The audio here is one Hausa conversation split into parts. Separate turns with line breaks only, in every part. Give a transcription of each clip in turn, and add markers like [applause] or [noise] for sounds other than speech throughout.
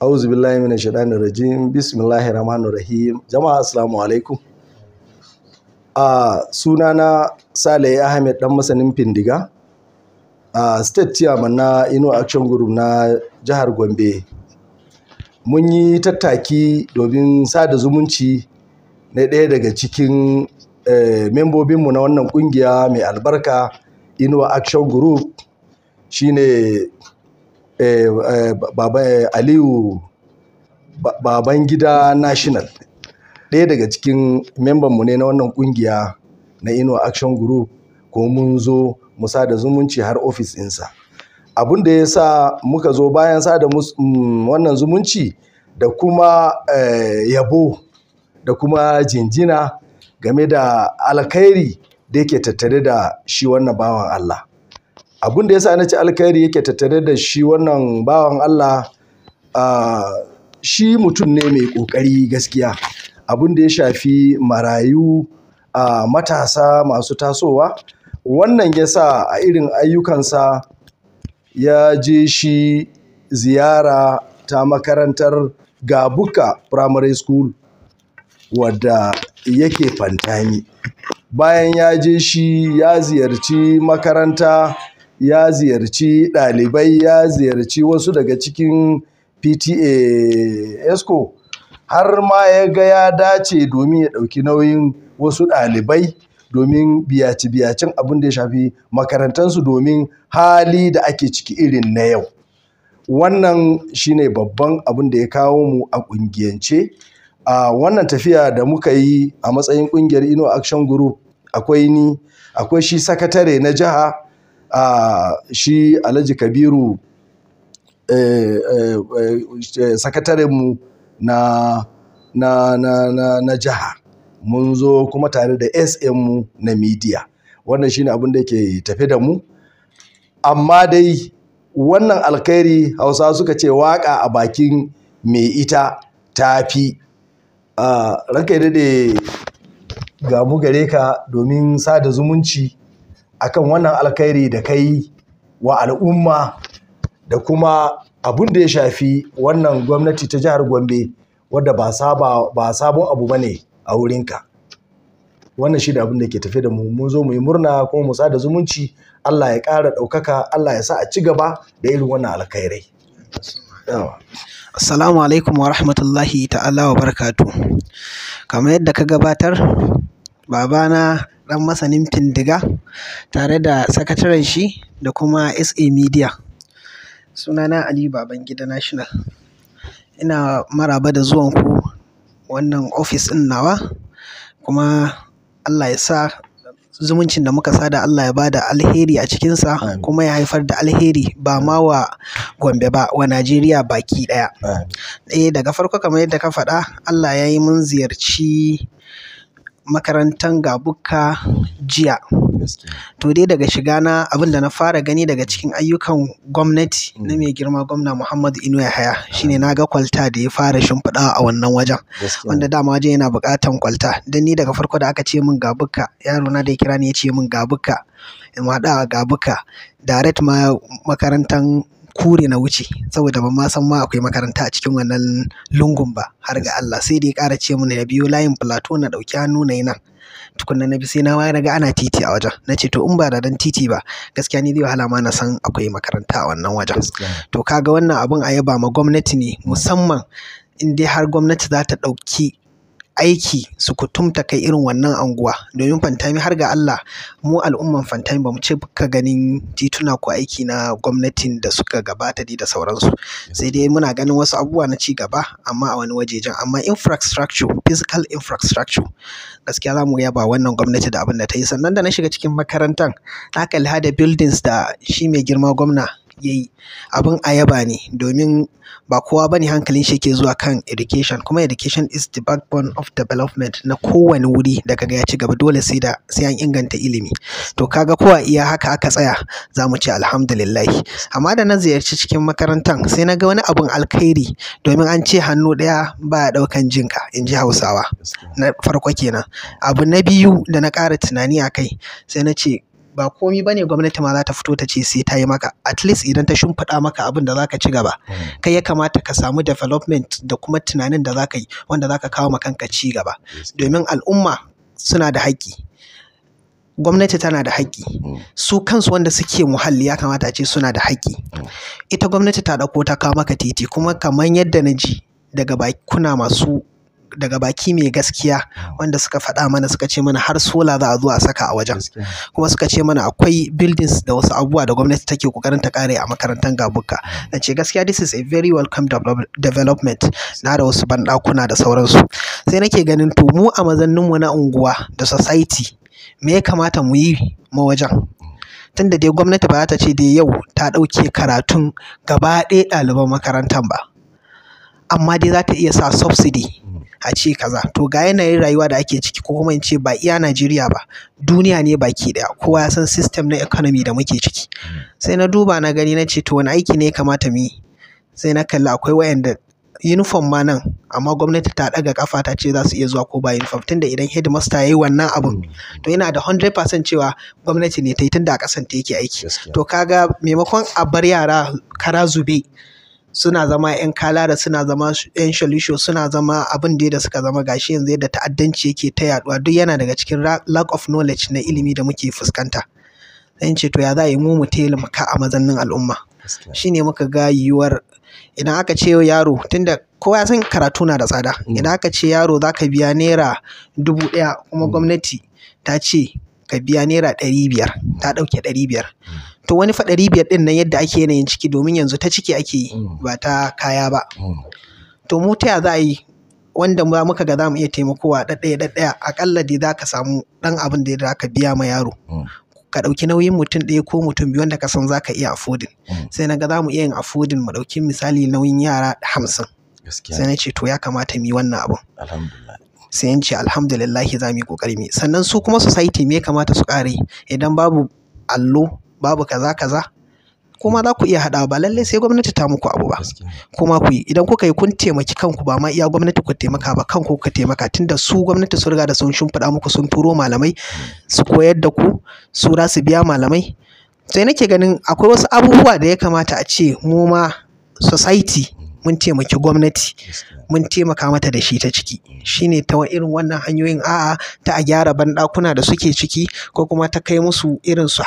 auzu billahi minash shaɗani rajim bismillahi rahmanu rahim jama'a assalamu alaikum a sunana Sale Ahmed dan masanin Findiga a state chairman na inu Action Group na jihar Gombe mun yi tattaki domin sada zumunci na ɗaya daga cikin eh, membobinmu na wannan kungiya mai albarka Inuwa Action Group shine Eh, eh, baba eh, aliyu gida national ɗaya daga cikin memban mu ne na wannan kungiya na ino action group ko mun zo mu da zumunci har ofis ɗinsa abun da ya sa muka zo bayan sa da mm, wannan zumunci da kuma yabo da kuma jinjina game da alkhairi da yake tattare da shi wannan bawan Allah abin da ya yasa ci alkhairi yake tattare da shi wannan bawan Allah shi mutum ne mai ƙoƙari gaskiya abin da ya shafi marayu a matasa masu tasowa wannan ya sa a irin ayyukansa ya je shi ziyara ta makarantar gabuka primary school wadda yake fantami bayan ya je shi ya ziyarci makaranta ya ziyarci ɗalibai ya ziyarci wasu daga cikin pta esco har ma ya ga ya dace domin ya ɗauki nauyin wasu ɗalibai domin biyaci-biyacin abin da ya shafi makarantansu domin hali da ake ciki irin na yau wannan shine babban abin da ya kawo mu a ƙungiyance a wannan tafiya da muka yi a matsayin ƙungiyar ino action group akwai ni akwai shi sakatare na jiha shi alhaji kabiru eh, eh, eh, sakatarenmu na na na na na jiha mun zo kuma tare da mu na media wannan shine abin da yake tafe da mu amma dai wannan alkhairi hausa suka ce waka a bakin mai ita tafi ranka da ga mu gare ka domin sada zumunci akan wannan alkhairi da kai wa al'umma da kuma abun da ya shafi wannan gwamnati ta jihar Gombe wadda ba sabon abu ba ne a wurinka. Wannan shi da abin da ke tafe da mu mun zo mu yi murna kuma mu sada zumunci Allah ya ƙara ɗaukaka Allah ya sa a ci gaba da irin wannan alkhairai.
Assalamu alaikum wa rahmatullahi ta'ala wa barakatu. Kamar yadda ka gabatar, babana ɗan masanin findiga tare da sakataren shi da kuma SA Media. Sunana Aliyu Babangida National. Ina maraba da zuwan ku wannan ofis ɗin nawa kuma Allah ya sa zumuncin da muka sada Allah ya bada alheri a cikinsa kuma ya haifar da alheri ba ma wa Gombe ba wa Najeriya baki ɗaya. Eh daga farko kamar yadda ka faɗa Allah ya yi mun ziyarci Makarantar gabuka jiya. To dai daga shiga na abin da na fara gani daga cikin ayyukan gwamnati na mm. mai girma gwamna Muhammadu Inu Yahaya shine na ga kwalta da ya fara shimfiɗawa a wannan wajen. Wanda dama wajen yana buƙatan kwalta. don ni daga farko da aka ce min gabuka, yaro na da ya kira ni ya ce min gabuka, in mu Gabuka. a Direct ma makarantan kure na wuce saboda ban ma san ma akwai makaranta a cikin wannan lungun ba har ga Allah sai dai ya ƙara ce mun ya biyo layin plateau na ɗauki hannu na yi tukunna na bi sai na waya naga ana titi a wajen na ce to in ba da dan titi ba gaskiya ni zai wahala ma na san akwai makaranta a wannan wajen to kaga wannan abun a yaba ma gwamnati ne musamman in dai har gwamnati za ta ɗauki aiki su kutumta kai irin wannan anguwa domin Fantami har ga Allah mu al'umman Fantami ba mu ce ka ganin tituna ko aiki na gwamnatin da suka gabata da sauransu sai dai muna ganin wasu abubuwa na ci gaba amma a wani wajejen amma infrastructure physical infrastructure gaskiya za mu ba wannan gwamnati da abin da ta yi sannan da na shiga cikin makarantar na kalli buildings da shi mai girma gwamna ya yi abin a yaba ne domin ba kowa ba ne hankalin shi yake zuwa kan education kuma education is the backbone of development na kowane wuri da kaga ya ci gaba dole sai da sai an inganta ilimi to kaga kowa iya haka aka tsaya za mu ce alhamdulillah amma da na ziyarci cikin makarantar, sai na ga wani abun alkhairi domin an ce hannu ɗaya ba ɗaukan jinka in ji hausawa na farko kenan abu na biyu da na ƙara tunani a kai sai na ce ba komi bane gwamnati ma za ta fito ta ce sai ta yi maka at least idan ta shimfiɗa maka abin da zaka ci gaba hmm. kai ya kamata ka samu development da kuma tunanin da zaka yi wanda zaka kawo ma kanka ci gaba domin al'umma suna da haƙƙi gwamnati tana da haƙƙi hmm. su kansu wanda suke muhalli ya kamata ce suna da haƙƙi hmm. ita gwamnati ta ɗauko ta kawo maka titi kuma kamar yadda na ji daga bakuna masu daga baki mai gaskiya ah. wanda suka faɗa mana suka ce mana har sola za a zo saka a wajen kuma suka ce mana akwai buildings da wasu abubuwa da gwamnati take kokarin ta kare a makarantar gabuka ah. na ce gaskiya this is a very welcome development na da wasu banɗakuna da sauransu sai nake ganin to mu a mazanninmu na unguwa da society me ya kamata mu yi ma wajen tunda dai gwamnati ba za ta ce dai yau ta ɗauke karatun gaba ɗaya ɗaliban makarantar ba amma dai za ta iya sa subsidy a ce kaza. To ga yanayin rayuwa da ake ciki ko kuma in ce ba iya Najeriya ba, duniya ne baki ɗaya. Kowa ya san system na economy da muke ciki. Mm. Sai na duba na gani na ce to wani aiki ne ya kamata mu yi? Sai na kalli akwai wayanda uniform ma nan amma gwamnati ta ɗaga kafa ta ce za su iya zuwa ko ba uniform tunda idan headmaster ya yi wannan abun mm. to yana da 100% cewa gwamnati ne ta yi tunda a kasance ta yake aiki. To ka ga maimakon a bar yara kara zube. suna zama 'yan da suna zama 'yan shalisho suna zama abin da da suka zama gashi yanzu yadda ta'addanci yake ta yaduwa duk yana daga cikin lack of knowledge na ilimi da muke fuskanta zan ce to ya za a yi mu mu a mazannin al'umma shine muka ga yiwuwar idan aka ce yaro tunda kowa san karatu na da tsada mm. idan aka ce yaro za ka biya naira dubu ɗaya kuma mm. gwamnati ta ce ka biya naira ɗari biyar ta ɗauke ɗari biyar mm. to wani faɗari biyar ɗin nan yadda ake yanayin ciki domin yanzu ta ciki ake yi mm. ba ta kaya ba mm. to mu ta za a yi wanda ba muka ga za mu iya taimakowa ɗaɗɗaya ɗaɗɗaya aƙalla dai za ka samu ɗan abin da za ka biya ma yaro mm. ka ɗauki nauyin mutum ɗaya ko mutum biyu wanda ka san za ka iya afodin? sai na ga za mu iya yin afodin mu ɗauki misali nauyin yara hamsin sai na ce to ya kamata mu yi wannan abin. sai in ce alhamdulillahi za mu yi ƙoƙari mu sannan su kuma society me ya kamata su ƙare idan babu allo babu kaza kaza kuma za ku iya haɗawa ba lallai sai gwamnati ta muku abu ba kuma ku yi idan kuka yi kun taimaki kanku ba ma iya gwamnati ku taimaka ba kanku ku taimaka tunda su gwamnati sun riga da sun shimfiɗa muku sun turo malamai su koyar da ku su za su biya malamai sai nake ganin akwai wasu abubuwa da ya kamata a ce mu ma society mun taimaki gwamnati mun taimaka mata da shi ta ciki shine ta irin wannan hanyoyin a'a ta a gyara banɗakuna da suke ciki ko kuma ta kai musu irin su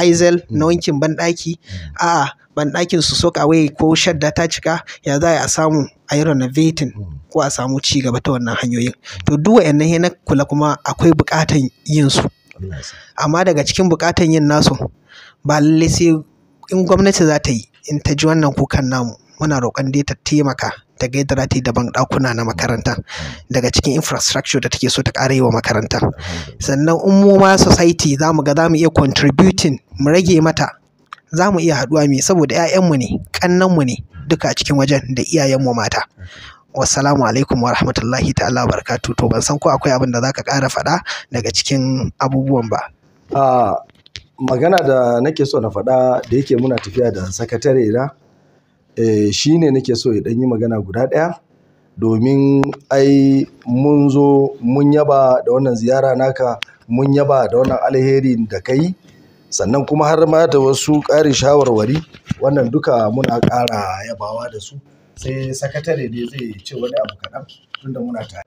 aizel hmm. na wankin banɗaki hmm. a'a banɗakin su soka away ko shadda ta cika ya za a samu a yi renovating hmm. ko a samu ci gaba ta wannan hanyoyin to duk wa'annan na kula kuma akwai buƙatan yin su amma daga cikin buƙatan yin nasu ba lallai sai in gwamnati za ta yi in ta ji wannan kukan namu muna roƙon dai ta taimaka ta ga yadda ta yi daban ɗakuna na makaranta daga cikin infrastructure da take so ta ƙara yi wa makaranta sannan umoma society za mu ga za mu iya contributing mu rage mata za mu iya haɗuwa mai saboda 'ya'yanmu ne ƙannanmu ne duka a cikin wajen da iyayenmu mata wassalamu alaikum wa rahmatullahi ta'ala barka to ban san ko akwai abin da za ka ƙara faɗa daga cikin abubuwan ba
ah, magana da nake so na faɗa da yake muna tafiya da sakatare na eh, shi ne nake so ya yi magana guda ɗaya domin ai mun zo mun yaba da wannan ziyara naka mun yaba da wannan alheri da ka yi sannan kuma har ma da wasu ƙarin shawarwari wannan duka muna ƙara yabawa da su sai sakatare ne zai ce wani abu kaɗan tunda muna tare.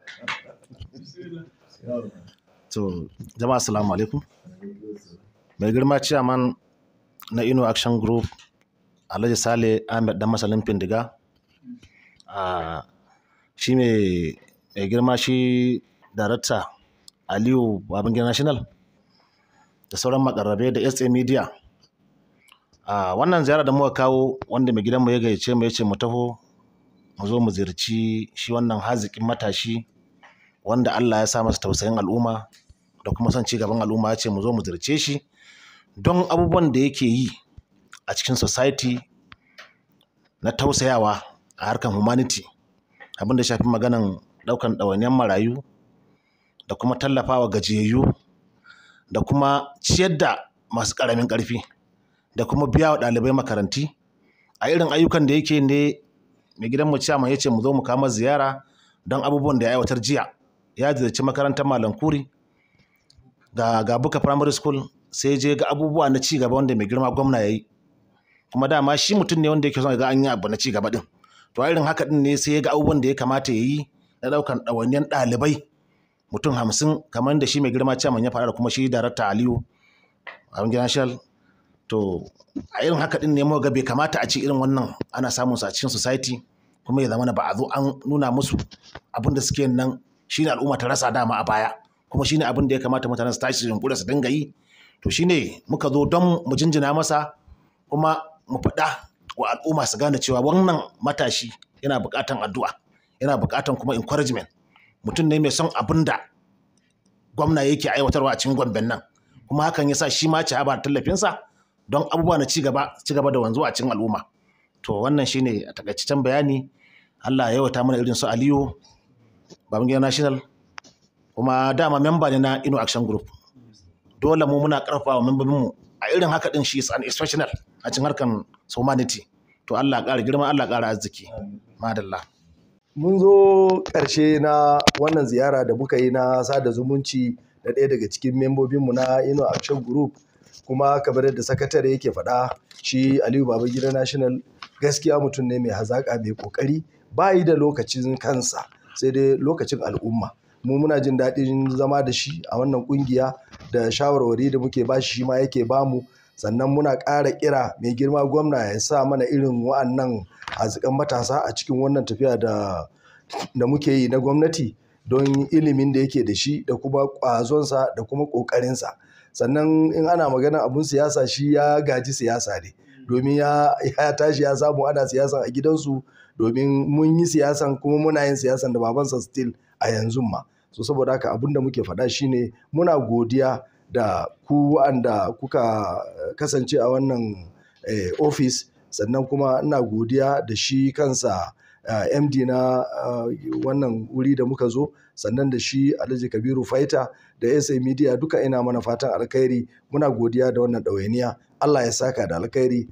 to jama'a assalamu alaikum mai girma ciyaman na ino action group alhaji sale ahmed da masalin findiga shi mai girma shi darakta aliyu babangida national da sauran makarrabe da sa media wannan ziyara da muka kawo wanda mai gidanmu ya gayyace mu ya ce mu taho mu zo mu ziyarci shi wannan hazikin matashi wanda Allah ya sa masa tausayin al'umma da kuma son ci gaban al'umma ya ce mu zo mu ziyarce shi don abubuwan da yake yi a cikin society na tausayawa a harkar humanity abin da shafi maganan ɗaukan ɗawainiyar marayu da kuma tallafawa gajiyayyu da kuma ciyar da masu ƙaramin ƙarfi da kuma biya wa ɗalibai makaranti a irin ayyukan da yake ne mai gidan mu ciyaman ya ce mu zo mu kama ziyara don abubuwan da ya aiwatar jiya ya ziyarci makarantar malam kuri ga gabuka primary school sai je ga abubuwa na ci gaba wanda mai girma gwamna ya yi kuma dama shi mutum ne wanda yake son ga an yi abu na ci gaba din to irin haka din ne sai ya ga abubuwan da ya kamata ya yi na ɗaukan dawannin dalibai mutum hamsin kamar da shi mai girma ciyaman ya faɗa da kuma shi darakta aliyu a gidan shal to a irin haka din ne ga bai kamata a ci irin wannan ana samun su a cikin society kuma ya zama ba a zo an nuna musu abin suke nan shi ne al'umma ta rasa dama a baya kuma ne abin da ya kamata mutane su tashi su yunkuri su dinga yi to shi ne muka zo don mu jinjina masa kuma mu faɗa wa al'umma su gane cewa wannan matashi yana buƙatan addu'a yana buƙatan kuma encouragement mutum ne mai son abin da gwamna yake aiwatarwa a cikin gwamnan. nan kuma hakan ya sa shi ma ci tallafin tallafinsa don abubuwa na cigaba cigaba da wanzu a cikin al'umma to wannan shine a takaitaccen bayani Allah ya yawata mana irin su Aliyu Babangida National kuma dama memba ne na Inno Action Group dole mu muna karfafa membobin mu a irin haka din shi is an exceptional a cikin harkan humanity to Allah ƙara girma Allah ƙara arziki madalla
mun zo ƙarshe na wannan ziyara da muka yi na sada zumunci da ɗaya daga cikin membobinmu na Ino Action Group kuma kamar yadda sakatare yake faɗa shi Aliyu Babangida National gaskiya mutum ne mai hazaƙa mai ƙoƙari ba yi da lokacin kansa sai dai lokacin al'umma mu muna jin daɗin zama da shi a wannan ƙungiya da shawarwari da muke ba shi ma yake bamu sannan muna ƙara kira mai girma gwamna ya sa mana irin wa'annan azikan matasa a cikin wannan tafiya da muke yi na gwamnati don ilimin da yake da shi da kuma ƙwazonsa da kuma ƙoƙarinsa sannan in ana magana abun siyasa shi ya gaji siyasa ne domin ya, tashi ya samu ana siyasa a gidansu domin mun yi siyasan kuma muna yin siyasan da babansa still a yanzu ma so saboda haka abun da muke faɗa shine muna godiya da ku wa'anda kuka kasance a wannan eh, ofis sannan kuma ina godiya da shi kansa uh, eh, md na eh, wannan wuri da muka zo sannan da shi alhaji kabiru faita da sa media duka ina mana fatan alkhairi muna godiya da wannan ɗawainiya allah ya saka da alkhairi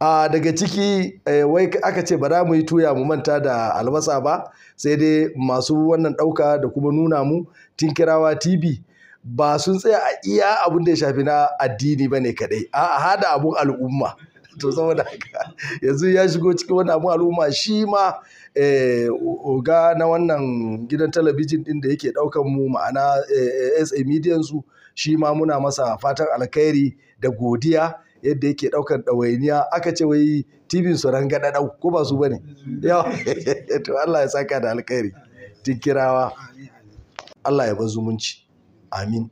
a daga ciki eh, wai aka ce ba za mu yi tuya mu manta da albasa ba sai dai masu wannan ɗauka da kuma nuna mu tinkirawa tv ba sun tsaya a iya abin da ya shafi na addini ba ne kaɗai a hada abun al'umma to saboda haka yanzu ya shigo cikin wani abin al'umma shi ma eh, oga na wannan gidan talabijin din da yake ɗaukan mu ma'ana eh, sa midiyan su shi ma muna masa fatan alkhairi da godiya yadda yake ɗaukan ɗawainiya aka ce wai tibin su rangada ɗau ko ba su ba ne [laughs] to Allah ya saka da alkhairi tikirawa Allah ya bar zumunci I mean,